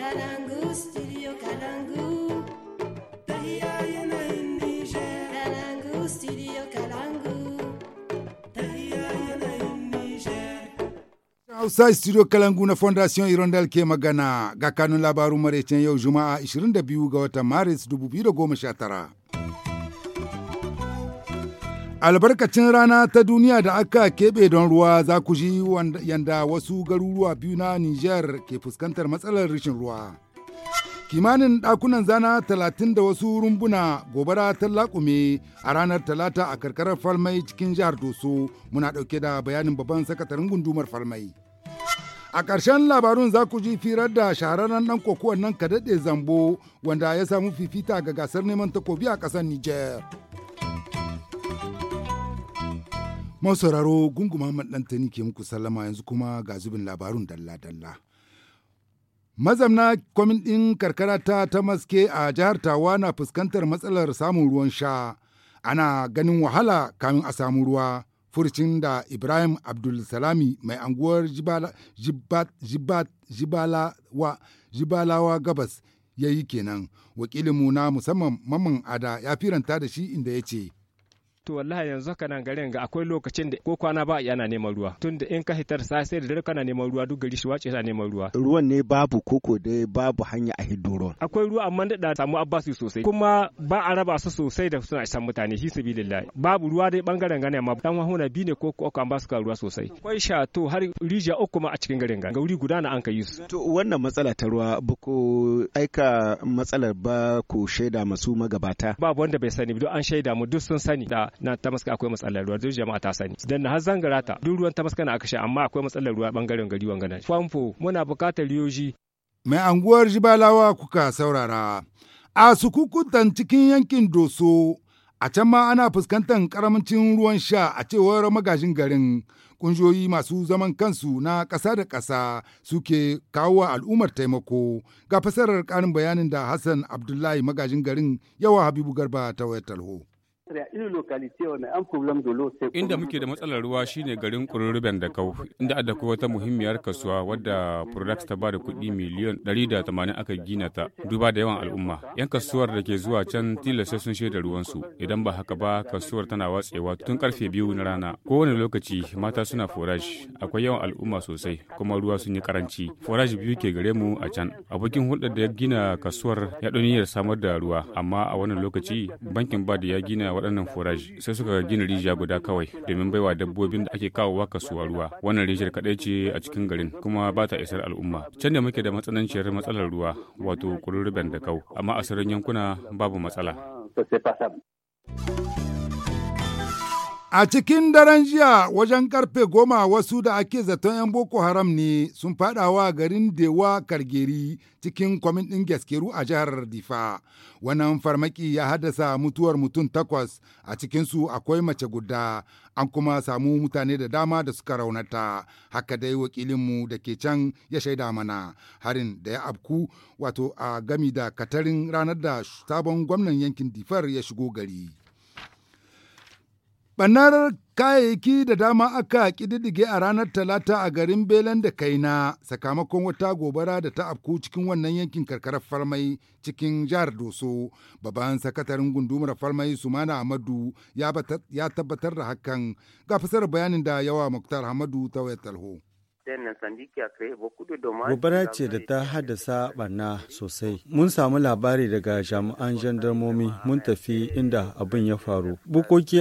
Kalangu, Hausa studio Kalangu na Fondation Irondel ke magana ga kanun labarun maraicen yau Juma'a 22 ga watan Maris 2019. albarkacin rana ta duniya da aka keɓe don ruwa za ku ji yanda wasu garuruwa biyu na Nijar ke fuskantar matsalar rashin ruwa. Kimanin ɗakunan zana talatin da wasu rumbuna gobara ta laƙume a ranar talata a karkarar falmai cikin jihar Doso muna ɗauke da bayanin babban sakataren gundumar falmai. A ƙarshen labarun za ku ji firar da shahararren ɗan kokowar nan kadaɗe zambo wanda ya samu fifita ga gasar neman takobi a ƙasar Nijar. masauraro gunguma maɗantani ke muku sallama yanzu kuma ga zubin labarun dalla-dalla. Mazamna kwamin ɗin karkara ta maske a jihar Tawa na fuskantar matsalar samun ruwan sha. Ana ganin wahala kamin a samu ruwa. Furcin da Ibrahim Abdulsalami mai anguwar Jibalawa, Jibalawa Gabas ya yi kenan. Wakilinmu na musamman maman Ada ya firanta da shi inda ya ce, to wallahi yanzu haka nan garin ga akwai lokacin da ko kwana ba yana neman ruwa tunda in ka hitar sai da dare kana neman ruwa duk gari shi wace yana neman ruwa ruwan ne babu koko da babu hanya a hidoro akwai ruwa amma da samu abbasu sosai kuma ba a raba su sosai da suna isan mutane shi sabilillahi babu ruwa dai bangaren gane amma dan wahuna bi ne ko ko an ba ka ruwa sosai akwai shato har rijiya uku ma a cikin garin ga wuri guda na an ka su to wannan matsala ta ruwa ba aika matsalar ba ko shaida masu magabata babu wanda bai sani duk an shaida mu duk sun sani da na tamaska akwai matsalar ruwa duk jama'a ta sani dan har zangara ta duk ruwan tamaska na aka amma akwai matsalar ruwa bangaren gari wangana famfo muna bukatar riyoji mai anguwar jibalawa kuka saurara a sukukuntan cikin yankin doso a can ma ana fuskantar karamcin ruwan sha a cewar magajin garin kungiyoyi masu zaman kansu na kasa da ƙasa suke kawo wa al'ummar taimako ga fasarar karin bayanin da hassan abdullahi magajin garin yawa habibu garba ta wayar talho Inda muke da matsalar ruwa shine garin Kururuben da Kau, inda ada kuwa wata muhimmiyar kasuwa wadda products ta bada kuɗi miliyon 180 aka gina ta duba da yawan al'umma. 'Yan kasuwar da ke zuwa can tilasta sun shaida ruwansu, idan ba haka ba kasuwar tana watsewa tun karfe biyu na rana. Kowane lokaci mata suna forage, akwai yawan al'umma sosai kuma ruwa sun yi karanci. Forage biyu ke gare mu a can. Abokin hulɗar da ya gina kasuwar ya niyyar samar da ruwa, amma a wannan lokaci bankin ba da ya gina waɗannan foraji sai suka gina rijiya guda kawai domin baiwa dabbobin da ake kawo kawowa kasuwa ruwa wannan rijiyar kaɗai ce a cikin garin kuma ba ta isar al'umma can da muke da matsananciyar matsalar ruwa wato kururuben da kau amma a sauran yankuna babu matsala. A cikin daren jiya wajen karfe goma wasu da ake zaton 'yan Boko Haram ne sun fadawa garin Dewa Kargeri cikin kwamin ɗin gaskeru a jihar Difa. Wannan farmaki ya haddasa mutuwar mutum takwas a cikinsu akwai mace guda an kuma samu mutane da dama da suka raunata. Haka dai wakilinmu da ke can ya shaida mana harin da ya afku wato a gami da katarin ranar da sabon gwamnan yankin Difar ya shigo gari. bannar kayayyaki da dama aka ƙididdige a ranar Talata a garin Belen da Kaina sakamakon wata gobara da ta afku cikin wannan yankin karkarar Farmai cikin jihar Doso. Babban sakataren gundumar Farmai Sumana Ahmadu ya tabbatar da hakan ga fasar bayanin da yawa Muktar Hamadu ta wayar talho. Gobara ce da ta haddasa barna sosai. Mun samu labari daga jami'an jandarmomi mun tafi inda abin ya faru. Bukoki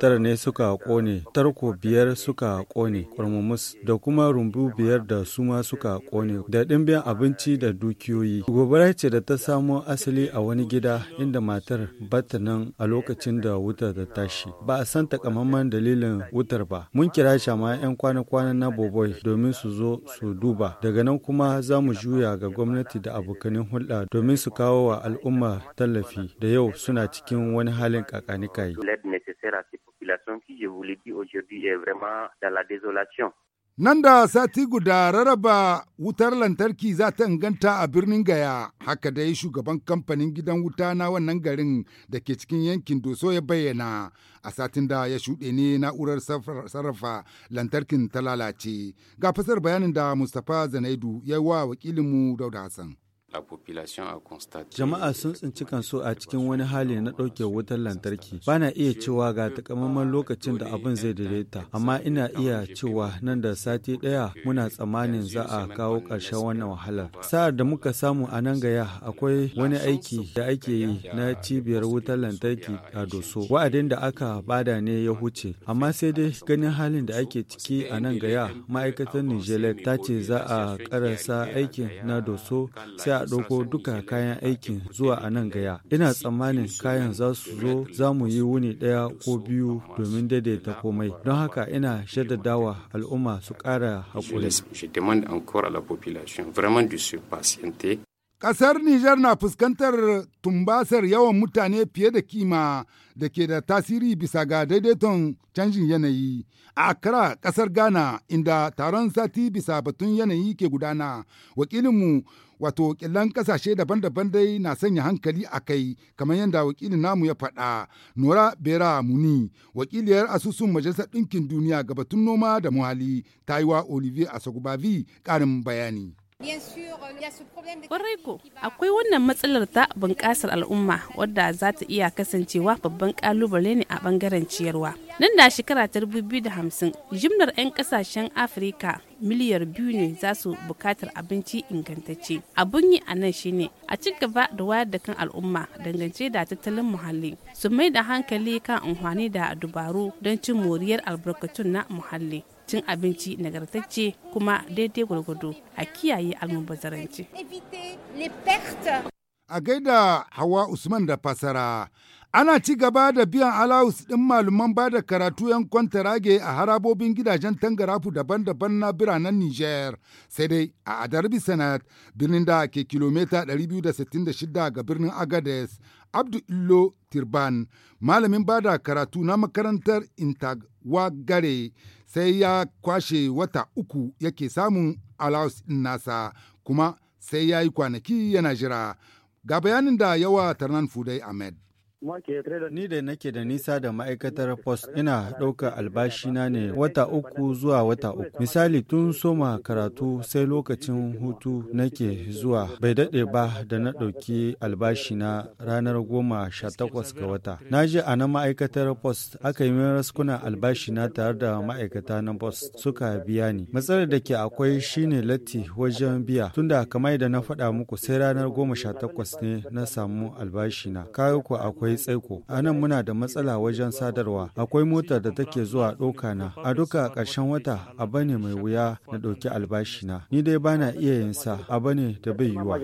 tara ne suka kone, tarko biyar suka kone, kwarmamus da kuma rumbu biyar da suma suka kone, da ɗimbin abinci da dukiyoyi. Gobara ce da ta samo asali a wani gida inda matar bata nan a lokacin da wutar ta tashi. Ba a san takamaiman dalilin wutar ba. Mun kira jami'an 'yan kwana-kwana na Boboi domin su zo su duba daga nan kuma za mu juya ga gwamnati da abokanin hulɗa domin su kawo wa al'umma tallafi da yau suna cikin wani halin kakanikai. la Nan da sati guda rarraba wutar lantarki za ta inganta a birnin Gaya, haka dai shugaban kamfanin gidan wuta na wannan garin da ke cikin yankin Doso ya bayyana a satin da ya shuɗe ne na'urar sarrafa lantarkin ta lalace. Ga fasar bayanin da Mustapha Zanaidu ya yi wa wakilinmu Dauda Hassan. Jama'a sun tsinci kansu a cikin wani hali na ɗauke wutar lantarki. bana iya cewa ga takamaiman lokacin da abin zai daidaita, amma ina iya cewa nan da sati ɗaya muna tsammanin za a kawo ƙarshen wannan wahalar. Sa'ar da muka samu a nan gaya akwai wani aiki da ake yi na cibiyar wutar lantarki a Doso. Wa'adin da aka bada ne ya huce, amma sai dai ganin halin da ake ciki a nan gaya ma'aikatar Nijelek ta ce za a karasa aikin na Doso sai a ɗauko duka kayan aikin zuwa a nan gaya. Ina tsammanin kayan za su zo za mu yi wuni ɗaya ko biyu domin daidaita komai. Don haka ina shaddadawa al'umma su ƙara haƙuri. Ƙasar Nijar na fuskantar tumbasar yawan mutane fiye da kima da ke da tasiri bisa ga daidaiton canjin yanayi. A Accra, ƙasar Ghana, inda taron sati bisa batun yanayi ke gudana, wakilinmu wato ƙillan ƙasashe daban-daban dai na sanya hankali a kai, kamar yadda wakilin namu ya faɗa. Nora Bera Muni, wakiliyar asusun Majalisar Ɗinkin Duniya ga batun noma da muhalli, ta yi wa Olivier Asogubavi ƙarin bayani. Kwarai ko, akwai wannan matsalar ta bunƙasar al'umma wadda za ta iya kasancewa babban ƙalubale ne a ɓangaren ciyarwa. Nan da shekara ta da hamsin jimlar 'yan ƙasashen Afirka miliyar biyu ne za su buƙatar abinci ingantacce. Abun yi a nan shine a ci gaba da wayar da kan al'umma dangance da tattalin muhalli. Su mai da hankali kan amfani da dubaru don cin moriyar albarkatun na muhalli. cin abinci nagartacce kuma daidai gwargwado a kiyaye almubazaranci. A gaida Hawa Usman da fasara, ana ci gaba da biyan alawus ɗin malaman ba da karatu yan tarage a harabobin gidajen tangarafu daban-daban na biranen nijar sai dai a Adarbi Senat birnin da ke kilomita 266 ga birnin Agades, Abdu Illo Tirban, malamin ba da karatu na makarantar Intag gare sai ya kwashe wata uku yake samun allowance nasa kuma sai ya yi kwanaki yana jira ga bayanin da yawa tarnan fudai ahmed Ni da nake da nisa da ma'aikatar pos ina ɗaukar albashina ne wata uku zuwa wata uku. Misali tun soma karatu sai lokacin hutu nake zuwa bai daɗe ba da na ɗauki albashina ranar goma sha takwas ga wata. Na je a na ma'aikatar pos aka yi min raskuna albashina tare da ma'aikata na post suka biya ni. Matsalar da ke akwai shine latti wajen biya tunda kamar da na faɗa muku sai ranar goma sha takwas ne na samu albashina. Kayo ku akwai akwai tsaiko a nan muna da matsala wajen sadarwa akwai mota da take zuwa ɗauka na a duka ƙarshen wata abu ne mai wuya na ɗauki albashi na ni dai bana iya yin sa abu ne da bai yiwa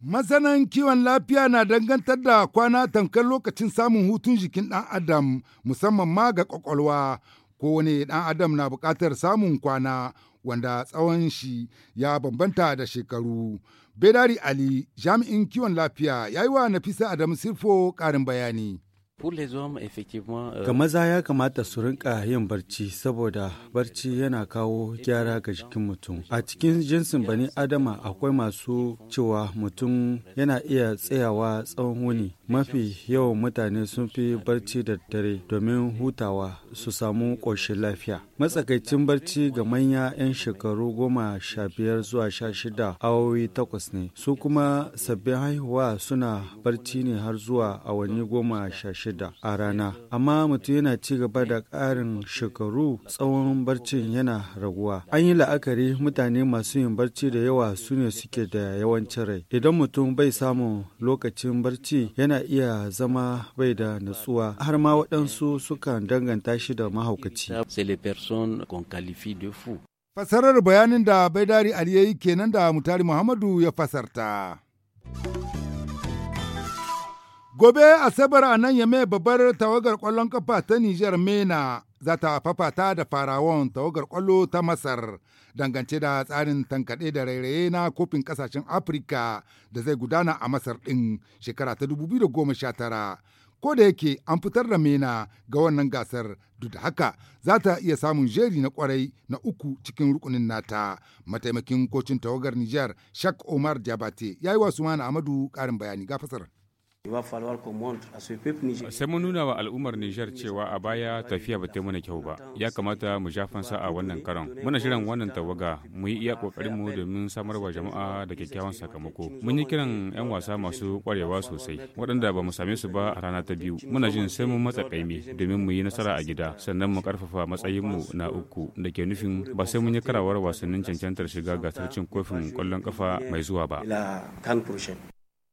Masanan kiwon lafiya na dangantar da kwana tamkar lokacin samun hutun jikin ɗan adam musamman ma ga kwakwalwa ko kowane ɗan adam na buƙatar samun kwana wanda tsawon shi ya bambanta da shekaru Bedari Ali, jami'in kiwon lafiya, ya yi wa Nafisa Adamu Sirfo ƙarin bayani. Euh, ga maza ya kamata su rinka yin barci saboda barci yana kawo gyara ga jikin mutum. A cikin jinsin bani Adama akwai masu cewa mutum yana iya tsayawa tsawon wuni. Mafi yawan mutane sun fi barci da dare domin hutawa su samu ƙoshin lafiya. Matsakaicin barci ga manya 'yan shekaru goma sha biyar zuwa sha shida awowi takwas ne. Su kuma sabbin haihuwa suna barci ne har zuwa awanni goma sha shida a rana amma mutum yana ci gaba da ƙarin shekaru tsawon barcin yana raguwa an yi la'akari mutane masu yin barci da yawa su ne suke da yawancin rai idan mutum bai samun lokacin barci yana iya zama bai da natsuwa har ma waɗansu sukan danganta shi da mahaukaci fasarar bayanin da baidari ali yayi kenan da mutari muhammadu ya fasarta Gobe Asabar a nan Yame babbar tawagar kwallon kafa ta Nijar Mena za ta fafata da farawon tawagar kwallo ta Masar dangance da tsarin tankaɗe da rairaye na kofin kasashen Afirka da zai gudana a Masar ɗin shekara ta 2019. Ko da yake an fitar da Mena ga wannan gasar duk da haka za ta iya samun jeri na kwarai na uku cikin rukunin nata. Mataimakin kocin tawagar Nijar Shak Omar Jabate ya yi wa Amadu ƙarin bayani ga fasarar. sai mun nuna wa al'ummar Nijar cewa a baya tafiya ba ta mana kyau ba ya kamata mu sha fansa a wannan karon muna shirin wannan tawaga mu yi iya kokarin mu domin samar wa jama'a da kyakkyawan sakamako mun yi kiran yan wasa masu kwarewa sosai waɗanda ba mu same su ba a rana ta biyu muna jin sai mun matsa kaimi domin mu yi nasara a gida sannan mu karfafa matsayin mu na uku da ke nufin ba sai mun yi karawar wasannin cancantar shiga gasar cin kofin kwallon kafa mai zuwa ba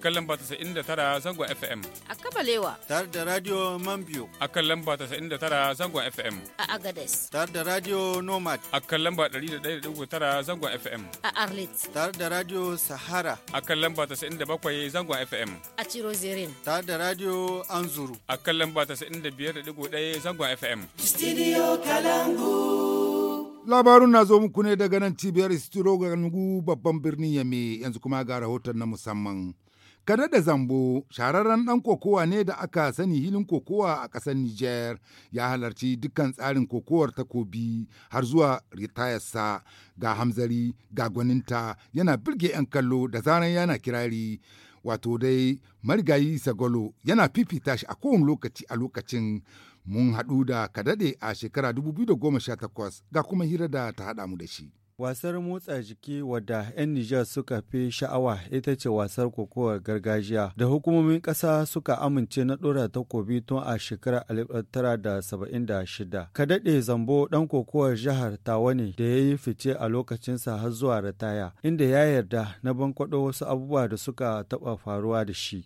kan lamba 99 zangon FM. A Kabalewa. Tare da Radio Mambio. A kan lamba 99 zangon FM. A Agades. Tare da Radio Nomad. A kan lamba 101.9 zangon FM. A Arlit. Tare da Radio Sahara. A kan lamba 97 zangon FM. A Chirozirin. Tare da Radio Anzuru. A kan lamba 95.1 zangon FM. Studio Kalangu. labarun na zo muku ne daga nan cibiyar Istiro ga babban birnin yame yanzu kuma ga rahoton na musamman Kada da Zambo, shahararren ɗan kokowa ne da aka sani hilin kokowa a ƙasar Nijar, ya halarci dukkan tsarin kokowar takobi har zuwa ritayarsa ga hamzari ga gwaninta yana birge 'yan kallo da zaran yana kirari. Wato dai marigayi Sagolo yana fifita shi a kowane lokaci a lokacin mun haɗu da kadade a shekara 2018 ga kuma hira da ta haɗa mu da shi. Wasar motsa jiki wadda 'yan Nijar suka fi sha'awa ita ce wasar kokowar gargajiya da hukumomin ƙasa suka amince na ɗora takobi tun a shekarar 1976. Ka daɗe zambo ɗan kokowar jihar Tawa ne da ya yi fice a lokacinsa har zuwa ritaya, inda ya yarda na bankwado wasu abubuwa da suka taɓa faruwa da shi.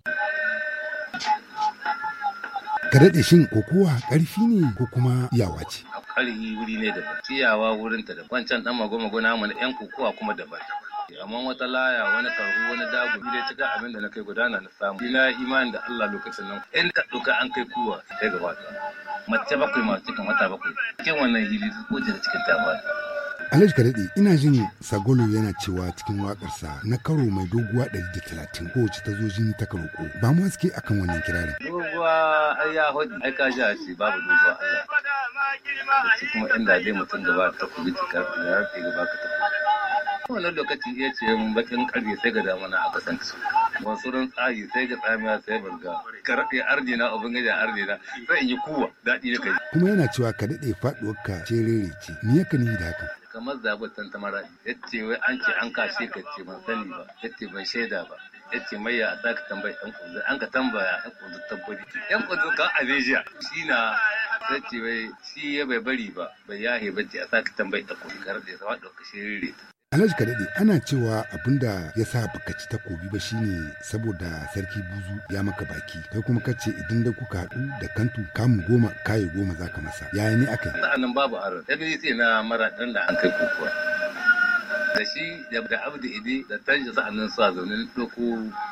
ka Karaɗe shin kokowa ƙarfi ne ko kuma yawa ce? Ƙarfi wuri ne daban, iyawa wurin ta daban, wancan ɗan mago-mago namu na 'yan kokowa kuma daban. amma wata laya wani karhu wani dago dai ta abin da na kai gudana na samu ina imanin da Allah lokacin nan in ka doka an kai kuwa kai gaba mace bakwai mace cikin wata bakwai cikin wannan hili ko jira cikin ta Alhaji Karaɗe ina jin Sagolo yana cewa cikin waƙarsa na karo mai doguwa da talatin kowace ta zo jini ta karoko ba mu haske akan wannan kirarin. Doguwa ai ya hudu ai ka ja ce babu doguwa Allah. Shi kuma inda zai mutum da ba ta kubi ta karfi da harfe ga baka ta kubi. Wannan lokaci ya ce mun bakin karfe sai ga damana a san su. Wasu ran tsayi sai ga tsamiya sai barga. Karaɗe ardina ubangiji ardina sai in yi kuwa daɗi da kai. Kuma yana cewa ka daɗe faɗuwar ka ce rere ce. ni ya ka yi da hakan? mazda ba tan tamara yace wai an ce an kashe ka ce ban sani ba yace ban shaida ba yace mai ya ka tambaya an kudu an ka tambaya an kudu tabbari yan kudu kan abejiya shi na yace wai shi ya bai bari ba bai yahe ba ce a ka tambaya ta kudu kar da ya sawa dauka shirire ta Alhaji Kadade ana cewa abin da ya sa baka ci takobi ba shine saboda sarki buzu ya maka baki kai kuma kace idan da kuka haɗu da kantu kamun goma kaye goma za ka masa yaya ne aka yi. Sa'an nan babu aro daga sai na mara da an kai kokowa. da shi da da idi da tanshi sa'annan sa zaune doko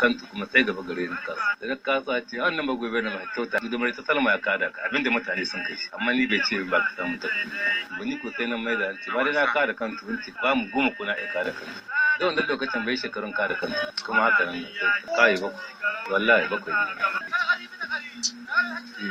kanta kuma sai gaba gare ni kasa da na kasa ce wannan ba gobe na ba kyauta da mai ta salma ya kada ka abinda mutane sun kai amma ni bai ce ba ka samu ta ba ni ko sai nan mai da ce ba dai na kada kanta wunci ba mu goma kuna ya kada kan da wannan lokacin bai shekarun kada kan kuma haka nan kai ba wallahi ne.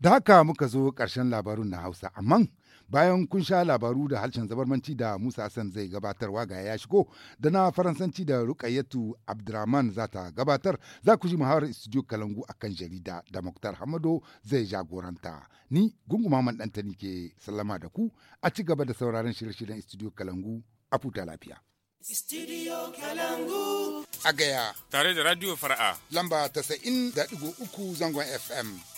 da haka muka zo ƙarshen labarun na hausa amma bayan kun sha labaru da harshen zabarmanci da Musa Hassan zai gabatarwa ga ya shigo da na faransanci da Rukayyatu Abdurrahman za ta gabatar za ku ji muhawar studio Kalangu a kan jarida da Muktar Hamado zai jagoranta ni gungumaman ɗanta ni ke sallama da ku a ci gaba da sauraron shirye-shiryen studio Kalangu a futa lafiya. Studio Kalangu. A gaya. Tare da Radio Fara'a. Lamba 93.3 zangon FM.